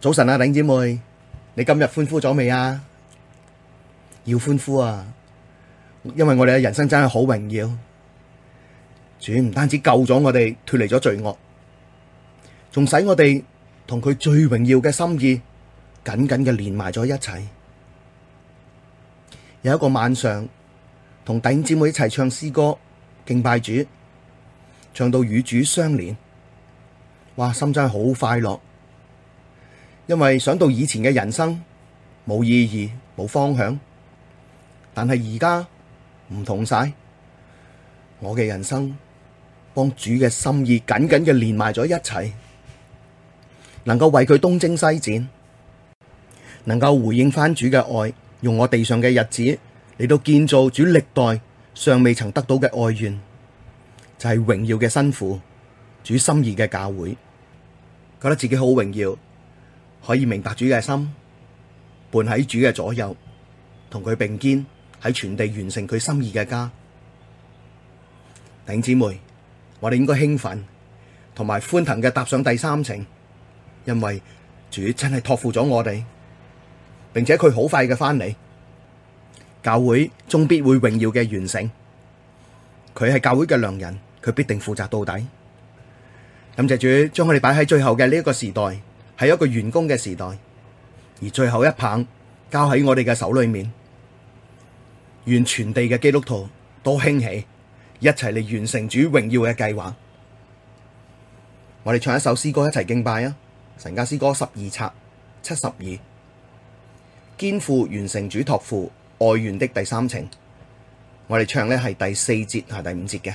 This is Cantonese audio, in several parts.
早晨啊，頂姐妹，你今日歡呼咗未啊？要歡呼啊！因為我哋嘅人生真係好榮耀，主唔單止救咗我哋脫離咗罪惡，仲使我哋同佢最榮耀嘅心意緊緊嘅連埋咗一齊。有一個晚上，同頂姐妹一齊唱詩歌敬拜主，唱到與主相連，哇，心真係好快樂。因為想到以前嘅人生冇意義、冇方向，但係而家唔同晒，我嘅人生幫主嘅心意緊緊嘅連埋咗一齊，能夠為佢東征西戰，能夠回應翻主嘅愛，用我地上嘅日子嚟到建造主歷代尚未曾得到嘅愛願，就係、是、榮耀嘅新婦，主心意嘅教會，覺得自己好榮耀。可以明白主嘅心，伴喺主嘅左右，同佢並肩喺全地完成佢心意嘅家。弟兄姊妹，我哋應該興奮同埋歡騰嘅踏上第三程，因為主真係託付咗我哋，並且佢好快嘅翻嚟，教會終必會榮耀嘅完成。佢係教會嘅良人，佢必定負責到底。感謝主，將我哋擺喺最後嘅呢一個時代。係一個完工嘅時代，而最後一棒交喺我哋嘅手裏面，願全地嘅基督徒都興起，一齊嚟完成主榮耀嘅計劃。我哋唱一首詩歌，一齊敬拜啊！神家詩歌十二冊七十二，肩負完成主托付愛願的第三程，我哋唱呢係第四節係第五節嘅。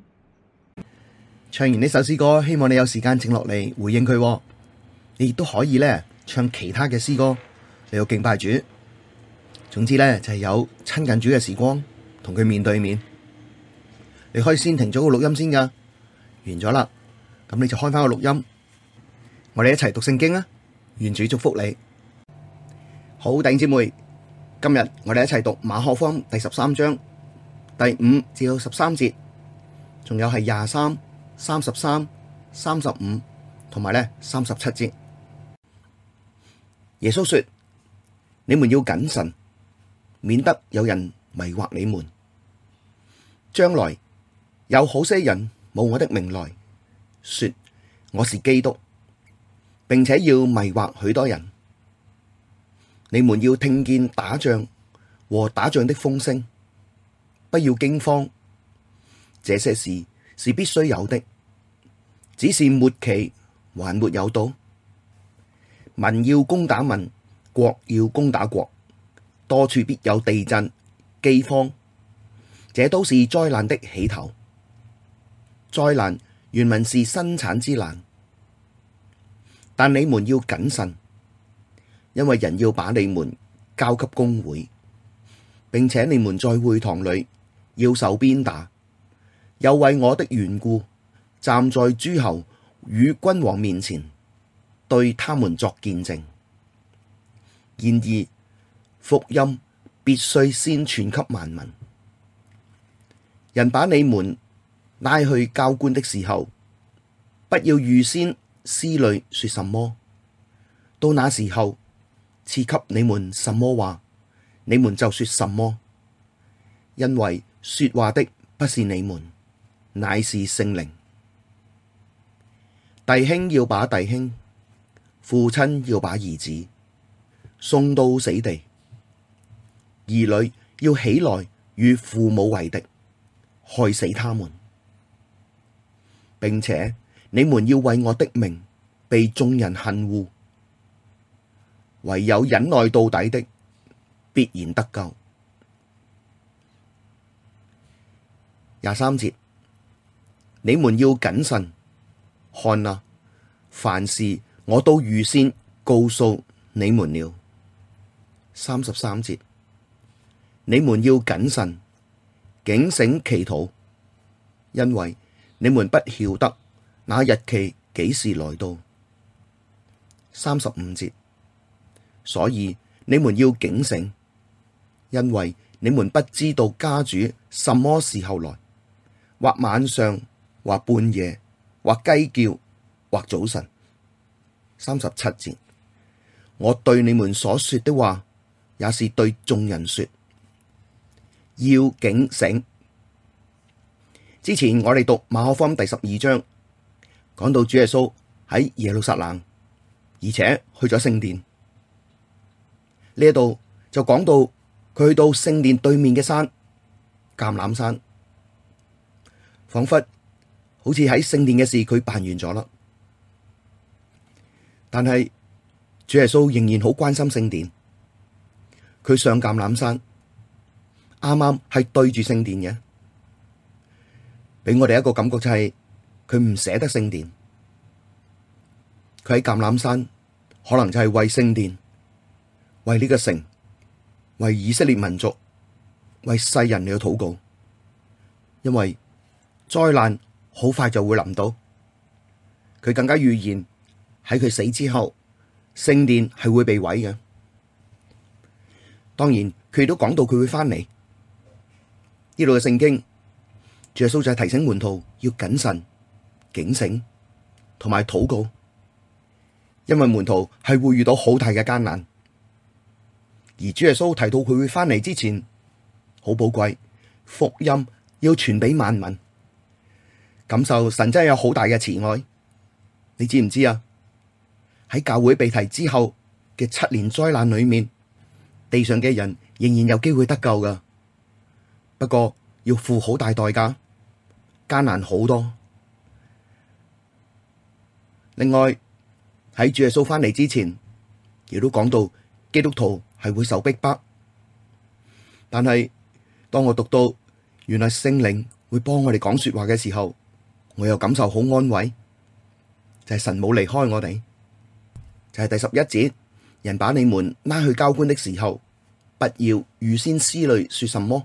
唱完呢首詩歌，希望你有時間靜落嚟回應佢，哦。你亦都可以咧唱其他嘅詩歌，你要敬拜主。總之咧就係、是、有親近主嘅時光，同佢面對面。你可以先停咗個錄音先噶，完咗啦，咁你就開翻個錄音。我哋一齊讀聖經啊！願主祝福你。好，弟兄姊妹，今日我哋一齊讀馬可福音第十三章第五至到十三節，仲有係廿三、三十三、三十五同埋呢三十七節，耶穌說：你們要謹慎，免得有人迷惑你們。將來有好些人冒我的名來說我是基督，並且要迷惑許多人。你們要聽見打仗和打仗的風聲，不要驚慌，這些事是必須有的。只是末期還沒有到，民要攻打民，國要攻打國，多處必有地震、饑荒，這都是災難的起頭。災難原文是生產之難，但你們要謹慎，因為人要把你們交給公會，並且你們在會堂裡要受鞭打，又為我的緣故。站在諸侯與君王面前，對他們作見證。然而，福音必須先傳給萬民。人把你們拉去交官的時候，不要預先思慮說什麼。到那時候，賜給你們什麼話，你們就說什麼。因為說話的不是你們，乃是聖靈。弟兄要把弟兄，父親要把兒子送到死地，兒女要起來與父母為敵，害死他們，並且你們要為我的名被眾人恨惡，唯有忍耐到底的，必然得救。廿三節，你們要謹慎。看哪，凡事我都預先告訴你們了。三十三節，你們要謹慎警醒祈禱，因為你們不曉得那日期幾時來到。三十五節，所以你們要警醒，因為你們不知道家主什麼時候來，或晚上或半夜。或雞叫，或早晨。三十七節，我對你們所說的話，也是對眾人說，要警醒！之前我哋讀馬可福音第十二章，講到主耶穌喺耶路撒冷，而且去咗聖殿，呢一度就講到佢去到聖殿對面嘅山，橄欖山，仿佛。好似喺聖殿嘅事，佢辦完咗啦。但係主耶穌仍然好關心聖殿，佢上橄欖山，啱啱係對住聖殿嘅，俾我哋一個感覺就係佢唔捨得聖殿，佢喺橄欖山可能就係為聖殿、為呢個城、為以色列民族、為世人嚟嘅禱告，因為災難好快就會臨到，佢更加預言喺佢死之後，聖殿係會被毀嘅。當然，佢亦都講到佢會翻嚟。呢度嘅聖經，主耶穌就係提醒門徒要謹慎、警醒、同埋禱告，因為門徒係會遇到好大嘅艱難。而主耶穌提到佢會翻嚟之前，好寶貴，福音要傳俾萬民。感受神真係有好大嘅慈愛，你知唔知啊？喺教會被提之後嘅七年災難裏面，地上嘅人仍然有機會得救噶，不過要付好大代價，艱難好多。另外喺主耶穌翻嚟之前，亦都講到基督徒係會受逼迫，但係當我讀到原來聖靈會幫我哋講說話嘅時候。我又感受好安慰，就係神冇離開我哋，就係第十一節，人把你們拉去交官的時候，不要預先思慮說什麼，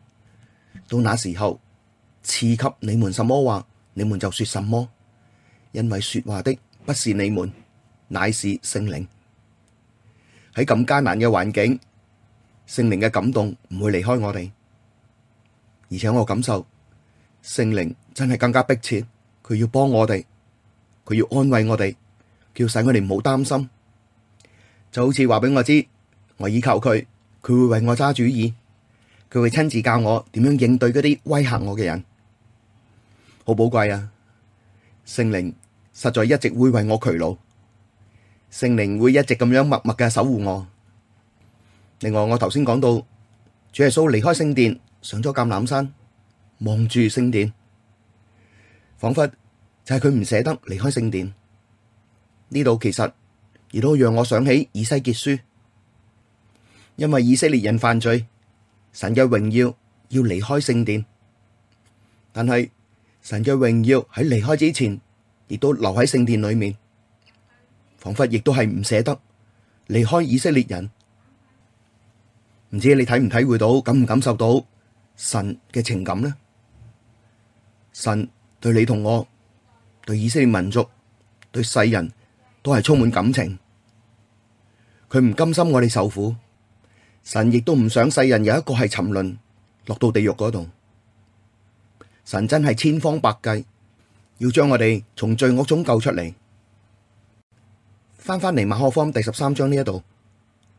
到那時候賜給你們什麼話，你們就說什麼，因為說話的不是你們，乃是聖靈。喺咁艱難嘅環境，聖靈嘅感動唔會離開我哋，而且我感受聖靈真係更加迫切。佢要幫我哋，佢要安慰我哋，叫晒我哋唔好擔心，就好似話俾我知，我依靠佢，佢會為我揸主意，佢會親自教我點樣應對嗰啲威嚇我嘅人，好寶貴啊！聖靈實在一直會為我劬勞，聖靈會一直咁樣默默嘅守護我。另外，我頭先講到，主耶穌離開聖殿，上咗橄欖山，望住聖殿。仿佛就係佢唔捨得離開聖殿呢度，其實亦都讓我想起以西結書，因為以色列人犯罪，神嘅榮耀要離開聖殿，但係神嘅榮耀喺離開之前，亦都留喺聖殿裏面，仿佛亦都係唔捨得離開以色列人，唔知你體唔體會到，感唔感受到神嘅情感呢？神。對你同我，對以色列民族，對世人，都係充滿感情。佢唔甘心我哋受苦，神亦都唔想世人有一個係沉淪，落到地獄嗰度。神真係千方百計要將我哋從罪惡中救出嚟。翻翻嚟馬可福音第十三章呢一度，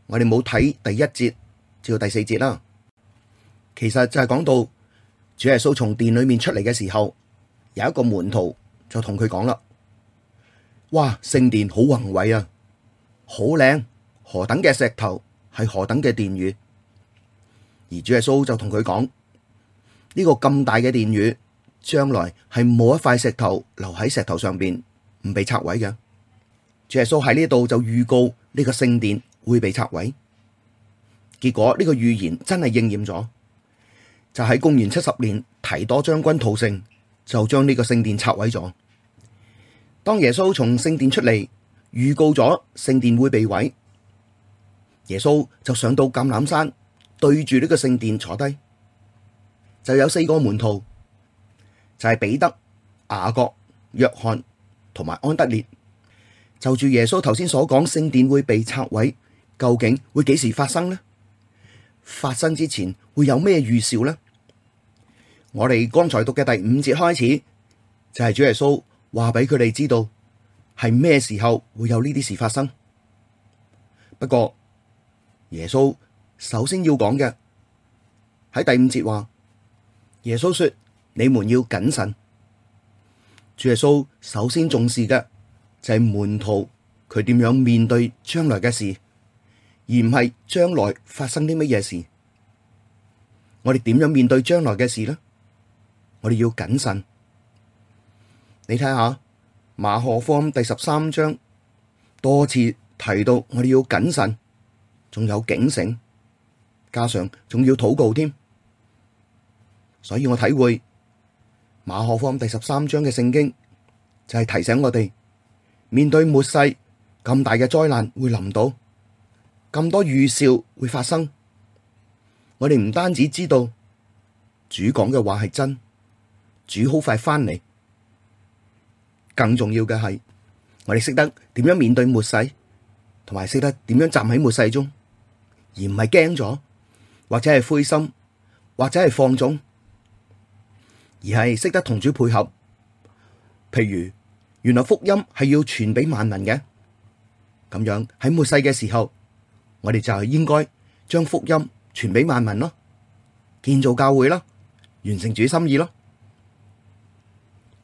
我哋冇睇第一節至到第四節啦。其實就係講到主耶穌從殿裏面出嚟嘅時候。有一個門徒就同佢講啦：哇，聖殿好宏偉啊，好靚，何等嘅石頭，係何等嘅殿宇。而主耶穌就同佢講：呢個咁大嘅殿宇，將來係冇一塊石頭留喺石頭上邊唔被拆毀嘅。主耶穌喺呢度就預告呢個聖殿會被拆毀。結果呢個預言真係應驗咗，就喺公元七十年，提多將軍屠城。就將呢個聖殿拆毀咗。當耶穌從聖殿出嚟，預告咗聖殿會被毀，耶穌就上到橄欖山，對住呢個聖殿坐低，就有四個門徒，就係彼得、雅各、約翰同埋安德烈。就住耶穌頭先所講聖殿會被拆毀，究竟會幾時發生呢？發生之前會有咩預兆呢？我哋剛才讀嘅第五節開始就係主耶穌話俾佢哋知道係咩時候會有呢啲事發生。不過耶穌首先要講嘅喺第五節話，耶穌說你們要謹慎。主耶穌首先重視嘅就係門徒佢點樣面對將來嘅事，而唔係將來發生啲乜嘢事。我哋點樣面對將來嘅事呢？我哋要謹慎，你睇下馬可福音第十三章多次提到我哋要謹慎，仲有警醒，加上仲要禱告添。所以我體會馬可福音第十三章嘅聖經就係提醒我哋，面對末世咁大嘅災難會臨到，咁多預兆會發生。我哋唔單止知道主講嘅話係真。主好快翻嚟，更重要嘅係我哋識得點樣面對末世，同埋識得點樣站喺末世中，而唔係驚咗，或者係灰心，或者係放縱，而係識得同主配合。譬如原來福音係要傳俾萬民嘅，咁樣喺末世嘅時候，我哋就係應該將福音傳俾萬民咯，建造教會咯，完成主心意咯。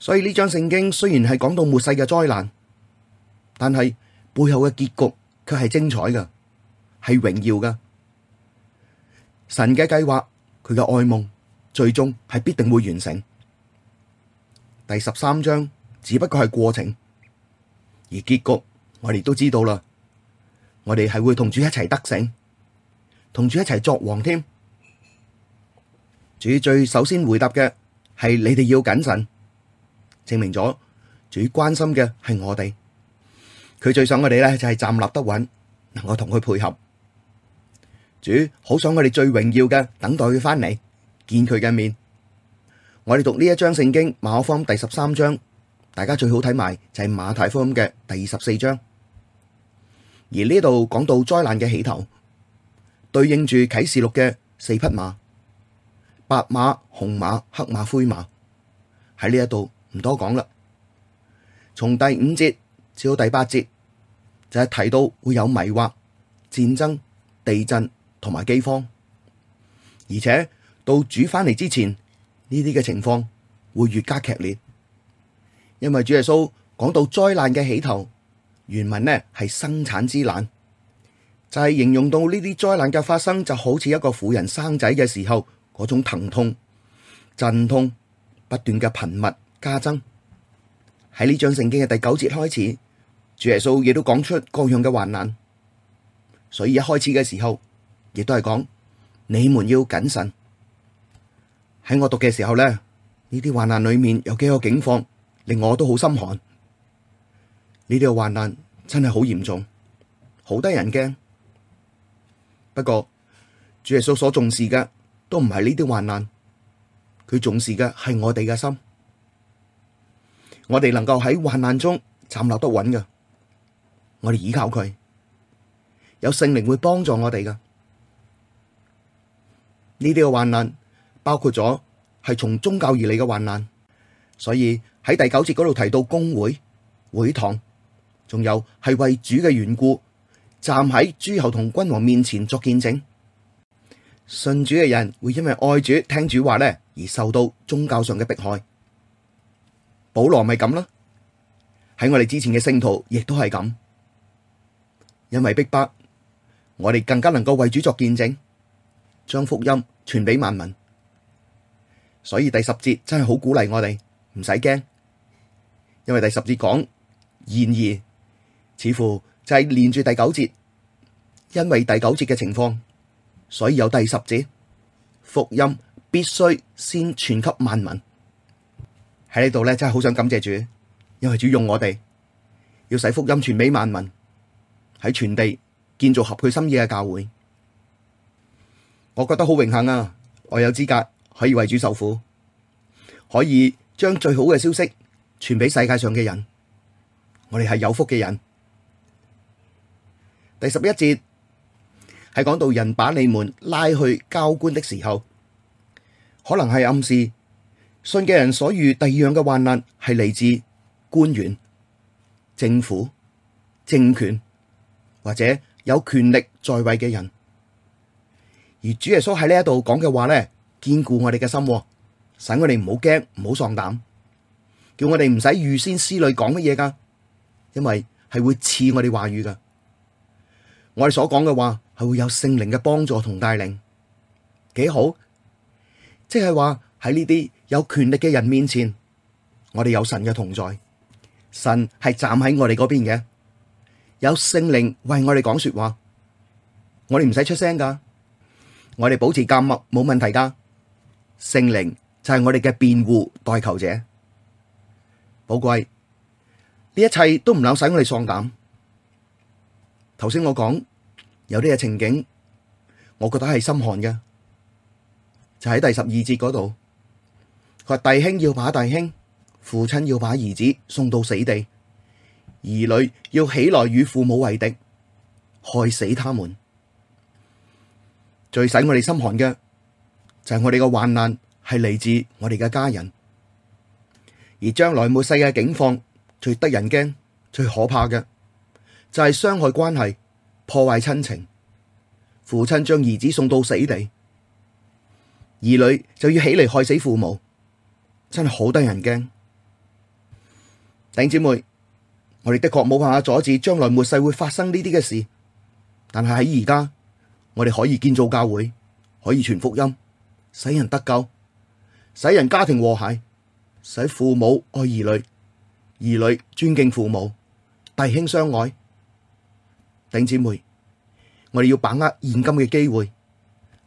所以呢章聖經雖然係講到末世嘅災難，但係背後嘅結局卻係精彩嘅，係榮耀嘅。神嘅計劃，佢嘅愛願，最終係必定會完成。第十三章只不過係過程，而結局我哋都知道啦。我哋係會同主一齊得勝，同主一齊作王添。主最首先回答嘅係：你哋要謹慎。證明咗主關心嘅係我哋，佢最想我哋咧就係站立得穩，能夠同佢配合。主好想我哋最榮耀嘅等待佢翻嚟見佢嘅面。我哋讀呢一章聖經馬可福音第十三章，大家最好睇埋就係馬太福音嘅第二十四章。而呢度講到災難嘅起頭，對應住啟示錄嘅四匹馬：白馬、紅馬、黑馬、灰馬。喺呢一度。唔多講啦，從第五節至到第八節就係提到會有迷惑、戰爭、地震同埋饑荒，而且到主翻嚟之前呢啲嘅情況會越加劇烈，因為主耶穌講到災難嘅起頭原文呢係生產之難，就係形容到呢啲災難嘅發生就好似一個婦人生仔嘅時候嗰種疼痛、陣痛不斷嘅頻密。加增喺呢章聖經嘅第九節開始，主耶穌亦都講出各樣嘅患難，所以一開始嘅時候亦都係講你們要謹慎。喺我讀嘅時候呢，呢啲患難裏面有幾個警況令我都好心寒，呢啲嘅患難真係好嚴重，好得人驚。不過主耶穌所重視嘅都唔係呢啲患難，佢重視嘅係我哋嘅心。我哋能夠喺患難中站立得穩嘅，我哋依靠佢，有聖靈會幫助我哋噶。呢啲嘅患難包括咗係從宗教而嚟嘅患難，所以喺第九節嗰度提到公會、會堂，仲有係為主嘅緣故站喺諸侯同君王面前作見證。信主嘅人會因為愛主、聽主話呢而受到宗教上嘅迫害。保羅咪咁囉，喺我哋之前嘅聖徒亦都係咁，因為逼迫，迫，我哋更加能夠為主作見證，將福音傳俾萬民。所以第十節真係好鼓勵我哋，唔使驚，因為第十節講，然而似乎就係連住第九節，因為第九節嘅情況，所以有第十節，福音必須先傳給萬民。喺呢度咧，真係好想感謝主，因為主用我哋要使福音傳俾萬民，喺全地建造合佢心意嘅教會。我覺得好榮幸啊，我有資格可以為主受苦，可以將最好嘅消息傳俾世界上嘅人。我哋係有福嘅人。第十一節係講到人把你們拉去交官的時候，可能係暗示。信嘅人所遇第二樣嘅患難，係嚟自官員、政府、政權或者有權力在位嘅人。而主耶穌喺呢一度講嘅話咧，堅固我哋嘅心，使我哋唔好驚、唔好喪膽，叫我哋唔使預先思慮講乜嘢㗎，因為係會賜我哋話語㗎。我哋所講嘅話係會有聖靈嘅幫助同帶領，幾好。即係話喺呢啲。有權力嘅人面前，我哋有神嘅同在，神係站喺我哋嗰邊嘅。有聖靈為我哋講說話，我哋唔使出聲噶，我哋保持緘默冇問題噶。聖靈就係我哋嘅辯護代求者，寶貴呢一切都唔能使我哋喪膽。頭先我講有啲嘅情景，我覺得係心寒嘅，就喺第十二節嗰度。佢話弟兄要把弟兄，父親要把兒子送到死地，兒女要起來與父母為敵，害死他們。最使我哋心寒嘅就係、是、我哋嘅患難係嚟自我哋嘅家人，而將來冇世界境況最得人驚、最可怕嘅就係、是、傷害關係、破壞親情。父親將兒子送到死地，兒女就要起嚟害死父母。真係好得人驚，弟姊妹，我哋的確冇辦法阻止將來末世會發生呢啲嘅事，但係喺而家，我哋可以建造教會，可以傳福音，使人得救，使人家庭和諧，使父母愛兒女，兒女尊敬父母，弟兄相愛。弟姊妹，我哋要把握現今嘅機會，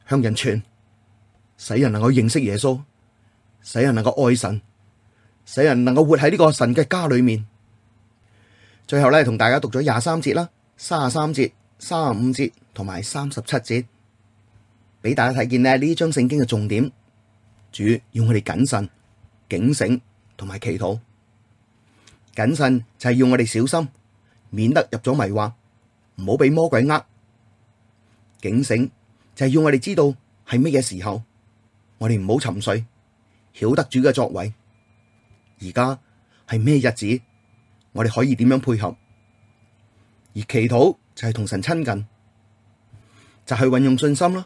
向人傳，使人能夠認識耶穌。使人能夠愛神，使人能夠活喺呢個神嘅家裏面。最後咧，同大家讀咗廿三節啦，三十三節、三十五節同埋三十七節，俾大家睇見咧呢張聖經嘅重點。主要我哋謹慎、警醒、同埋祈禱。謹慎就係要我哋小心，免得入咗迷惑，唔好俾魔鬼呃。警醒就係要我哋知道係乜嘢時候，我哋唔好沉睡。曉得主嘅作為，而家係咩日子，我哋可以點樣配合？而祈禱就係同神親近，就係運用信心咯，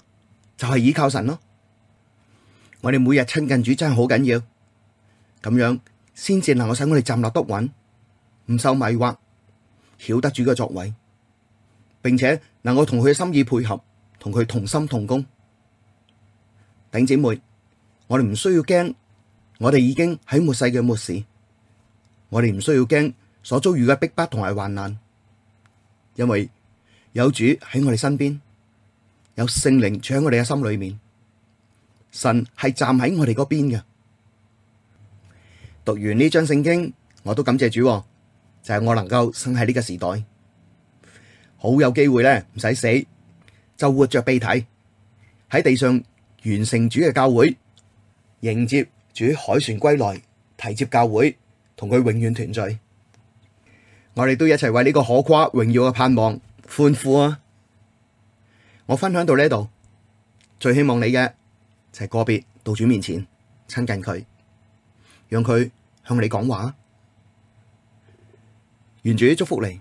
就係依靠神咯。我哋每日親近主真係好緊要，咁樣先至能夠使我哋站立得穩，唔受迷惑，曉得主嘅作為，並且能夠同佢嘅心意配合，同佢同心同工。頂姐妹，我哋唔需要驚。我哋已經喺末世嘅末時，我哋唔需要驚所遭遇嘅逼迫同埋患難，因為有主喺我哋身邊，有聖靈住喺我哋嘅心裏面，神係站喺我哋嗰邊嘅。讀完呢章聖經，我都感謝主，就係我能夠生喺呢個時代，好有機會咧，唔使死就活着被提喺地上完成主嘅教會，迎接。主凱旋歸來，提接教會，同佢永遠團聚。我哋都一齊為呢個可誇榮耀嘅盼望歡呼啊！我分享到呢度，最希望你嘅就係個別到主面前親近佢，讓佢向你講話。願主祝福你。